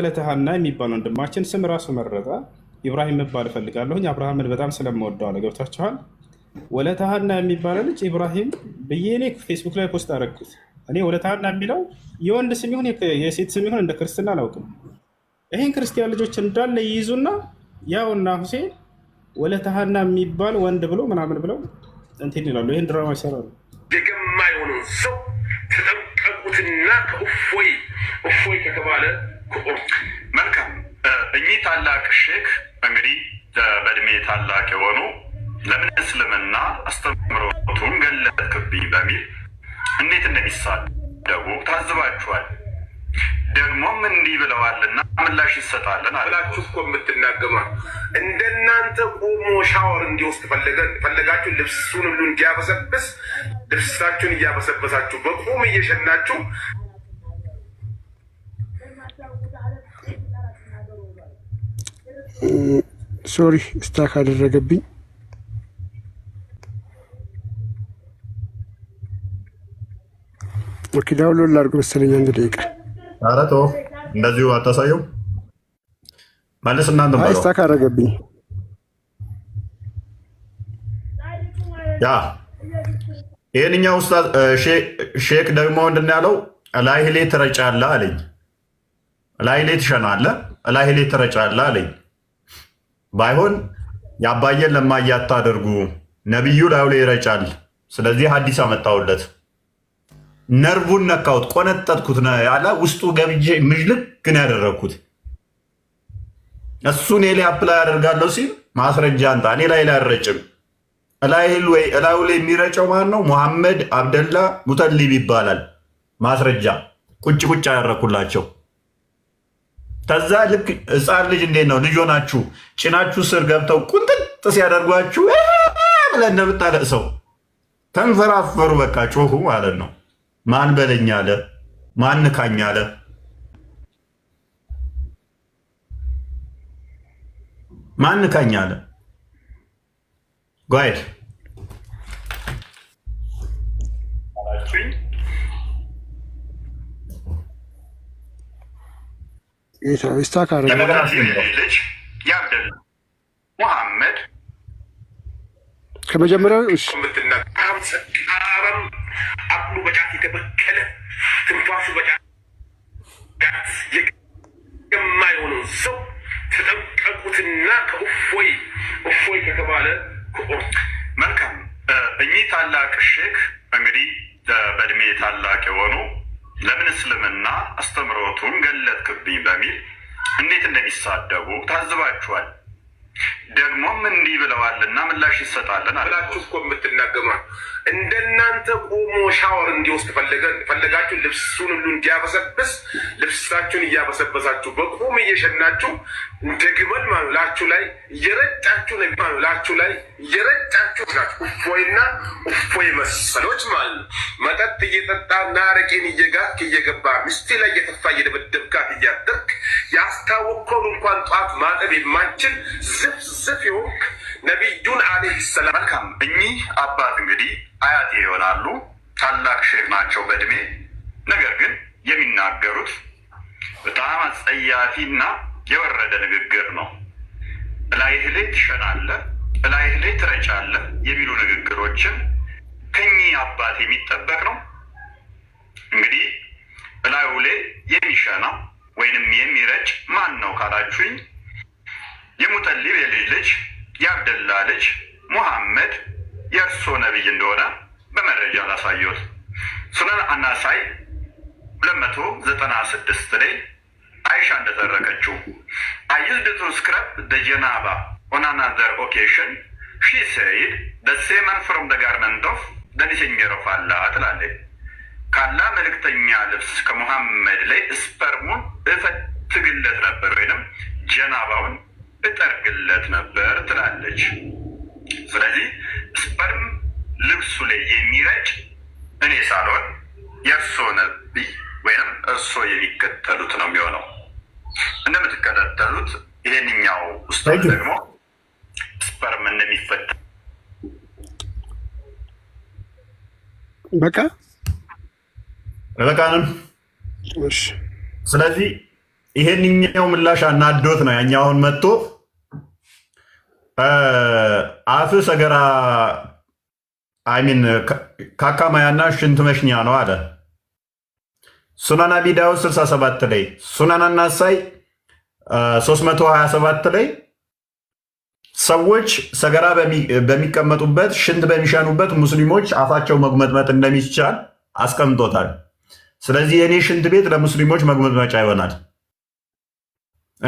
ፍለተሃና የሚባል ወንድማችን ስም ራሱ መረጠ። ኢብራሂም መባል እፈልጋለሁኝ አብርሃምን በጣም ስለመወደው አለ። ገብታችኋል? ወለተሃና የሚባለ ልጅ ኢብራሂም ብዬ እኔ ፌስቡክ ላይ ፖስት አደረግኩት። እኔ ወለተሃና የሚለው የወንድ ስም ይሁን የሴት ስም ይሁን እንደ ክርስትና አላውቅም። ይህን ክርስቲያን ልጆች እንዳለ ይይዙና ያውና ሁሴን ወለተሃና የሚባል ወንድ ብሎ ምናምን ብለው እንትን ይላሉ። ይህን ድራማ ይሰራሉ። ደገማ የሆነ ሰው ተጠንቀቁትና ከእፎይ እፎይ ከተባለ መልካም። እኚህ ታላቅ ሼክ እንግዲህ በእድሜ ታላቅ የሆኑ ለምን እስልምና አስተምሮቱን ገለጥክብኝ በሚል እንዴት እንደሚሳደቡ ታዝባችኋል። ደግሞም እንዲህ ብለዋልና ምላሽ ይሰጣለን ብላችሁ እኮ የምትናገማ እንደናንተ ቆሞ ሻወር እንዲወስድ ፈለጋችሁ። ልብሱን ሁሉ እንዲያበሰብስ ልብሳችሁን እያበሰበሳችሁ በቁም እየሸናችሁ ሶሪ ስታክ አደረገብኝ። ኦኬ ዳውንሎድ ላድርግ መሰለኝ። አንድ ደቂቃ ኧረ ተወው፣ እንደዚሁ አታሳየው። መልስ እናንተ ባለው ስታክ አደረገብኝ። ያ ይህንኛ ኡስታዝ ሼክ ደግሞ ምንድን ያለው ላይሌ ትረጫለህ አለኝ። ላይ ትሸናለህ፣ ላይሌ ትረጫለህ አለኝ። ባይሆን የአባየን ለማየ አታድርጉ፣ ነቢዩ ላዩ ላይ ይረጫል። ስለዚህ አዲስ አመጣሁለት። ነርቡን ነካሁት፣ ቆነጠጥኩት፣ ያለ ውስጡ ገብጄ ምዥልክ ግን ያደረግኩት እሱ እኔ ላይ አፕላይ ያደርጋለሁ ሲል ማስረጃ አንጣ። እኔ ላይ ላይ አልረጭም። እላዩ ላይ የሚረጨው ማን ነው? ሙሐመድ አብደላ ሙተሊብ ይባላል። ማስረጃ ቁጭ ቁጭ ያደረግኩላቸው ከዛ ልክ ህፃን ልጅ እንዴት ነው ልጆ ናችሁ ጭናችሁ ስር ገብተው ቁንጥጥ ሲያደርጓችሁ ብለህ እንደምታለቅሰው ተንፈራፈሩ፣ በቃ ጮሁ ማለት ነው። ማን በለኝ አለ፣ ማን ንካኝ አለ። ማን ንካኝ አለ። ጓይድ ኢሳዊስታ ልጅ የአብደል ሙሐመድ ከመጀመሪያው አቅሉ በጫት የተበከለ ትንፋሱ በጫት የማይሆነው ሰው ተጠንቀቁትና ከእፎይ እፎይ ከተባለ መልካም እኚህ ታላቅ ሼክ እንግዲህ በእድሜ ታላቅ የሆኑ ለምን እስልምና አስተምሮቱን ገለጥክብኝ በሚል እንዴት እንደሚሳደቡ ታዝባችኋል። ደግሞም እንዲህ ብለዋል እና ምላሽ ይሰጣለን ብላችሁ እኮ የምትናገሩ እንደናንተ ቆሞ ሻወር እንዲወስድ ፈለጋችሁ፣ ልብሱን ሁሉ እንዲያበሰብስ ልብሳችሁን እያበሰበሳችሁ በቁም እየሸናችሁ ደግመን ማላችሁ ላይ እየረጫችሁ ላችሁ ላይ እየረጫችሁ ናችሁ። እፎይና እፎይ መሰሎች ማለት ነው። መጠጥ እየጠጣ ናረቄን እየጋክ እየገባ ሚስቴ ላይ እየተፋ እየደበደብካት እያደርግ ያስታወቀውን እንኳን ጠዋት ማጠብ የማንችል ዝፍ ሰፊው ነቢዩን አለይሂ ሰላም። መልካም እኚህ አባት እንግዲህ አያቴ ይሆናሉ። ታላቅ ሼፍ ናቸው በእድሜ ነገር ግን የሚናገሩት በጣም አጸያፊና የወረደ ንግግር ነው። እላይህ ላይ ትሸናለህ፣ እላይህ ላይ ትረጫለህ የሚሉ ንግግሮችን ከኚህ አባት የሚጠበቅ ነው። እንግዲህ እላዩ ላይ የሚሸና ወይንም የሚረጭ ማን ነው ካላችሁኝ የሙጠሊብ የልጅ ልጅ የአብደላ ልጅ ሙሐመድ የእርሶ ነቢይ እንደሆነ በመረጃ ላሳየት። ሱነን አናሳይ 296 ላይ አይሻ እንደተረከችው አይዝድ ቱ ስክረብ ደጀናባ ጀናባ ኦን አናዘር ኦኬሽን ሺ ሰይድ ደሴመን ፍሮም ደ ጋርመንት ኦፍ ደኒሴሚር ኦፍ ትላለች። ካላ መልእክተኛ ልብስ ከሙሐመድ ላይ ስፐርሙን እፈትግለት ነበር ወይንም ጀናባውን እጠርግለት ነበር ትላለች። ስለዚህ ስፐርም ልብሱ ላይ የሚረጭ እኔ ሳልሆን የእርሶ ነቢ ወይም እርሶ የሚከተሉት ነው የሚሆነው። እንደምትከታተሉት ይሄንኛው ውስጥ ደግሞ ስፐርም እንደሚፈታ በቃ በቃንም። ስለዚህ ይሄንኛው ምላሽ አናዶት ነው ያኛውን መጥቶ አፍ ሰገራ አይሚን ካካማያና ሽንት መሽኛ ነው አለ። ሱናን አቢ ዳውድ 67 ላይ ሱናን አናሳይ 327 ላይ ሰዎች ሰገራ በሚቀመጡበት ሽንት በሚሸኑበት ሙስሊሞች አፋቸው መጉመጥመጥ እንደሚቻል አስቀምጦታል። ስለዚህ የእኔ ሽንት ቤት ለሙስሊሞች መጉመጥመጫ ይሆናል።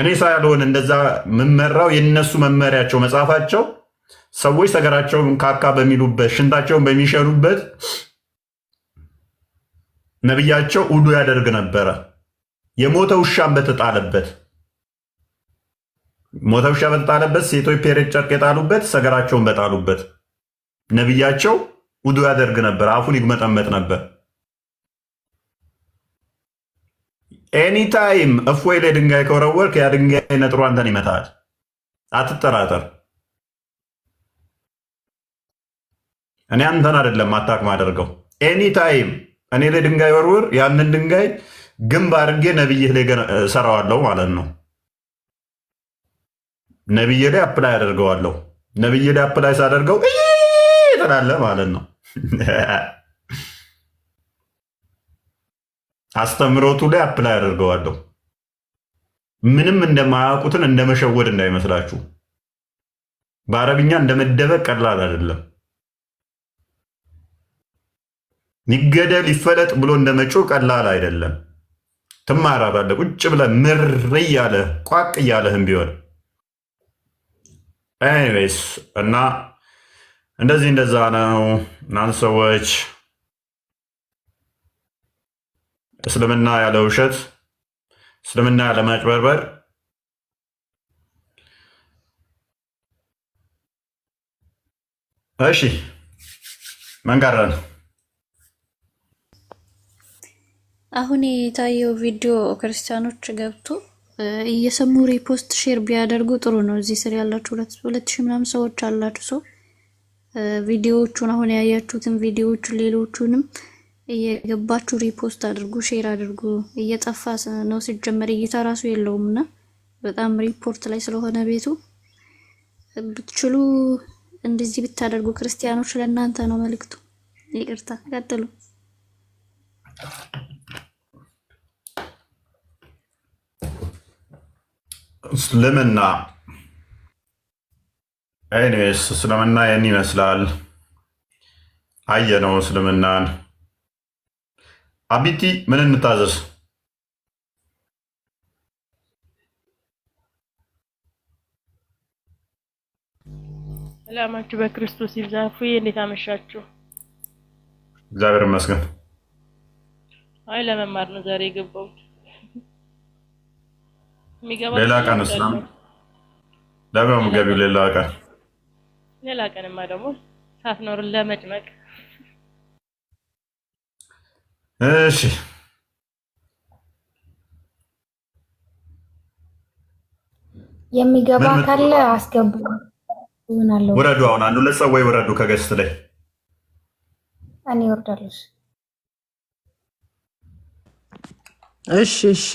እኔ ሳልሆን እንደዛ የምመራው የነሱ መመሪያቸው መጽሐፋቸው ሰዎች ሰገራቸውን ካካ በሚሉበት ሽንታቸውን በሚሸኑበት ነቢያቸው ውዱ ያደርግ ነበረ። የሞተ ውሻን በተጣለበት ሞተ ውሻ በተጣለበት ሴቶች ፔሬት ጨርቅ የጣሉበት ሰገራቸውን በጣሉበት ነቢያቸው ውዱ ያደርግ ነበር። አፉን ይግመጠመጥ ነበር። ኤኒታይም እፎይ ላይ ድንጋይ ከወረወርክ ያ ድንጋይ ነጥሮ አንተን ይመታል። አትጠራጠር። እኔ አንተን አይደለም አታክም አደርገው። ኤኒታይም እኔ ላይ ድንጋይ ወርውር፣ ያንን ድንጋይ ግንብ አድርጌ ነብይህ ላይ ሰራዋለሁ ማለት ነው። ነብይ ላይ አፕላይ አደርገዋለሁ። ነብይ ላይ አፕላይ ሳደርገው ትላለህ ማለት ነው። አስተምሮቱ ላይ አፕላይ አደርገዋለሁ። ምንም እንደማያውቁትን እንደመሸወድ እንዳይመስላችሁ። በአረብኛ እንደመደበቅ ቀላል አይደለም። ይገደል ይፈለጥ ብሎ እንደመጮህ ቀላል አይደለም። ትማራራለህ ቁጭ ብለህ ምር እያለህ ቋቅ እያለህም ቢሆን ኤኒዌይስ እና እንደዚህ እንደዛ ነው እናንተ ሰዎች እስልምና ያለ ውሸት፣ እስልምና ያለ ማጭበርበር፣ እሺ መንጋራ ነው። አሁን የታየው ቪዲዮ ክርስቲያኖች ገብቶ እየሰሙ ሪፖስት ሼር ቢያደርጉ ጥሩ ነው። እዚህ ስር ያላችሁ ሁለት ሺህ ምናምን ሰዎች አላችሁ። ሰው ቪዲዮዎቹን አሁን ያያችሁትን ቪዲዮዎቹን ሌሎቹንም እየገባችሁ ሪፖስት አድርጉ፣ ሼር አድርጉ። እየጠፋ ነው ሲጀመር እይታ ራሱ የለውም እና በጣም ሪፖርት ላይ ስለሆነ ቤቱ ብትችሉ እንደዚህ ብታደርጉ ክርስቲያኖች፣ ለእናንተ ነው መልእክቱ። ይቅርታ ቀጥሉ። እስልምና ኤኒዌይስ እስልምና ይህን ይመስላል። አየነው እስልምናን አቢቲ ምን እንታዘዝ? ሰላማችሁ በክርስቶስ ይብዛ። እፎዬ እንዴት አመሻችሁ? እግዚአብሔር ይመስገን። አይ ለመማር ነው ዛሬ የገባሁት። ሌላ ቀን እስላም ለምን ነው የምገቢው? ሌላ ቀን ሌላ ቀንማ ደግሞ ሳትኖር ለመጭመቅ እሺ የሚገባ ካለ አስገቡ። ውረዱ። አሁን አንዱ ለጸወይ ውረዱ። ከገስት ላይ እኔ ወርዳለች። እሺ እሺ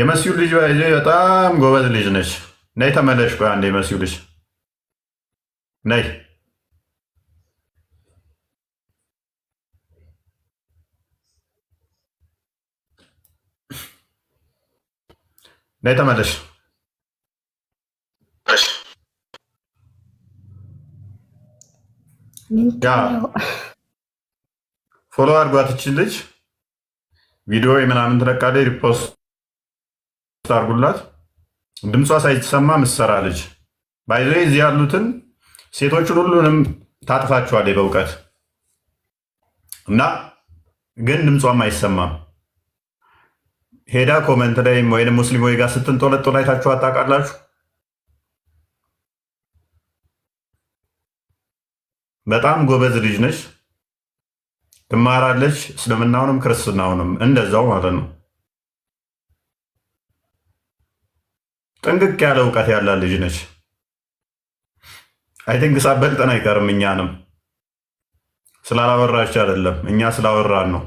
የመሲሁ ልጅ በጣም ጎበዝ ልጅ ነች። ነይ ተመለሽ። ቆይ አንዴ መሲው ልጅ ነይ ነይ ተመለሽ። ፎሎ አድርጓት እችን ልጅ ቪዲዮ ምናምን ትለቃለች። ሪፖስት አድርጉላት። ድምጿ ሳይሰማ ምሰራ ልጅ ባይዘ እዚህ ያሉትን ሴቶችን ሁሉንም ታጥፋችኋል በእውቀት እና ግን ድምጿም አይሰማም። ሄዳ ኮመንት ላይ ወይም ሙስሊም ወይ ጋር ስትንጦለጦል አይታችሁ አታውቃላችሁ? በጣም ጎበዝ ልጅ ነች፣ ትማራለች። እስልምናውንም ክርስትናውንም እንደዛው ማለት ነው። ጥንቅቅ ያለ እውቀት ያላት ልጅ ነች። አይ ቲንክ ሳበልጠን አይቀርም። እኛንም ስላላወራች አይደለም፣ እኛ ስላወራን ነው።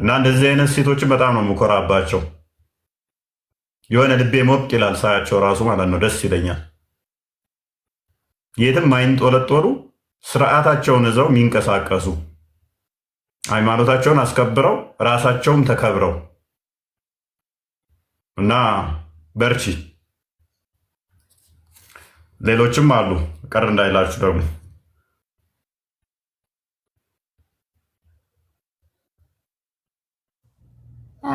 እና እንደዚህ አይነት ሴቶችን በጣም ነው የምኮራባቸው። የሆነ ልቤ ሞቅ ይላል ሳያቸው ራሱ ማለት ነው፣ ደስ ይለኛል። የትም አይንጦለጦሉ ስርዓታቸውን ይዘው የሚንቀሳቀሱ ሃይማኖታቸውን አስከብረው ራሳቸውም ተከብረው እና በርቺ። ሌሎችም አሉ፣ ቀር እንዳይላችሁ ደግሞ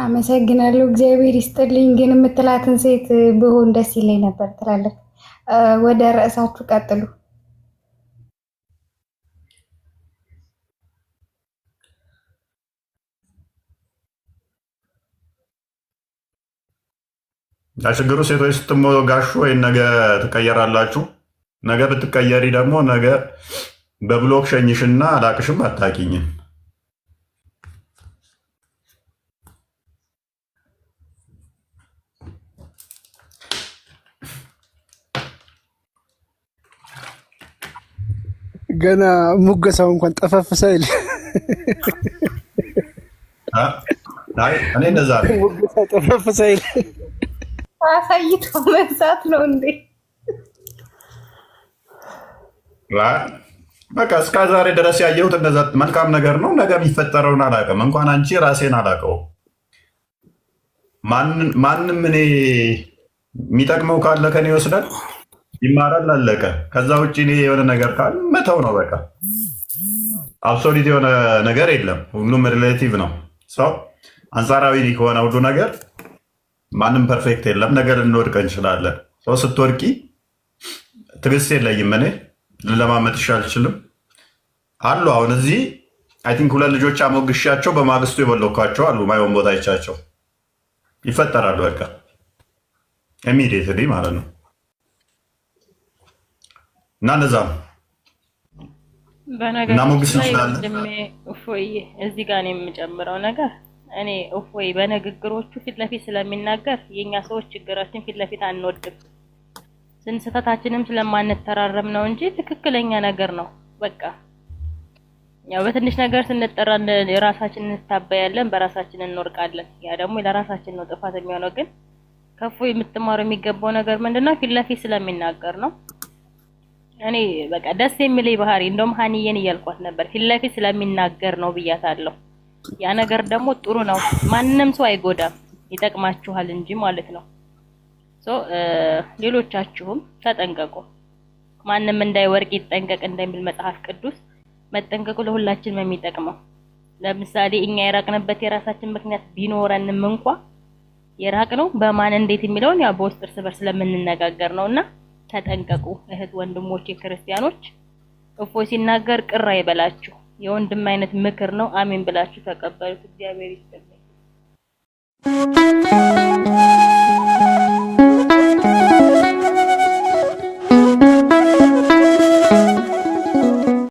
አመሰግናለሁ። እግዚአብሔር ይስጥልኝ። ግን የምትላትን ሴት ብሆን ደስ ይለኝ ነበር ትላለች። ወደ ርዕሳችሁ ቀጥሉ። ችግሩ ሴቶች ስትሞጋሹ ወይ ነገ ትቀየራላችሁ። ነገ ብትቀየሪ ደግሞ ነገ በብሎክ ሸኝሽና አላቅሽም አታቂኝም። ገና ሙገሳው እንኳን ጠፈፍ ሳይል እኔ እንደዛ ነው ሙገሳው ጠፈፍ ሳይል አሳይቶ መሳት ነው እንዴ? በቃ እስከ ዛሬ ድረስ ያየሁት እንደዛ መልካም ነገር ነው። ነገ የሚፈጠረውን አላውቅም። እንኳን አንቺ ራሴን አላውቀውም። ማንም እኔ የሚጠቅመው ካለ ከኔ ይወስዳል፣ ይማራል፣ አለቀ። ከዛ ውጭ እኔ የሆነ ነገር ካለ መተው ነው በቃ። አብሶሊት የሆነ ነገር የለም። ሁሉም ሪሌቲቭ ነው። ሰው አንጻራዊ ከሆነ ሁሉ ነገር ማንም ፐርፌክት የለም። ነገር ልንወድቅ እንችላለን። ሰው ስትወድቂ ትዕግስት የለኝም እኔ ልለማመጥሽ አልችልም አሉ። አሁን እዚህ አይ ቲንክ ሁለት ልጆች አሞግሻቸው በማግስቱ የበለኳቸው አሉ። ማይሆን ቦታ ይቻቸው ይፈጠራሉ። በቃ ኢሚዲየት ማለት ነው እና እንደዛ ነው እና እንችላለን። እዚህ ጋር የምጨምረው ነገር እኔ እፎይ በንግግሮቹ ፊት ለፊት ስለሚናገር የኛ ሰዎች ችግራችን ፊት ለፊት አንወድም። ስንስተታችንም ስለማንተራረም ነው እንጂ ትክክለኛ ነገር ነው። በቃ ያው በትንሽ ነገር ስንጠራ የራሳችንን እንታበያለን፣ በራሳችን እንወርቃለን። ያ ደግሞ ለራሳችን ነው ጥፋት የሚሆነው። ግን ከእፎይ የምትማሩ የሚገባው ነገር ምንድነው? ፊት ለፊት ስለሚናገር ነው። እኔ በቃ ደስ የሚለኝ ባህሪ እንደውም ሀኒዬን እያልኳት ነበር፣ ፊት ለፊት ስለሚናገር ነው ብያታለሁ። ያ ነገር ደግሞ ጥሩ ነው። ማንም ሰው አይጎዳም፣ ይጠቅማችኋል እንጂ ማለት ነው። ሶ ሌሎቻችሁም ተጠንቀቁ። ማንም እንዳይወርቅ ይጠንቀቅ እንደሚል መጽሐፍ ቅዱስ መጠንቀቁ ለሁላችንም የሚጠቅመው ለምሳሌ እኛ የራቅንበት የራሳችን ምክንያት ቢኖረንም እንኳ የራቅ ነው በማን እንዴት የሚለውን ያው በውስጥ እርስ በርስ ስለምንነጋገር ነውና ተጠንቀቁ እህት ወንድሞቼ ክርስቲያኖች። እፎ ሲናገር ቅር አይበላችሁ። የወንድም አይነት ምክር ነው። አሜን ብላችሁ ተቀበሉት። እግዚአብሔር ይስጥልኝ።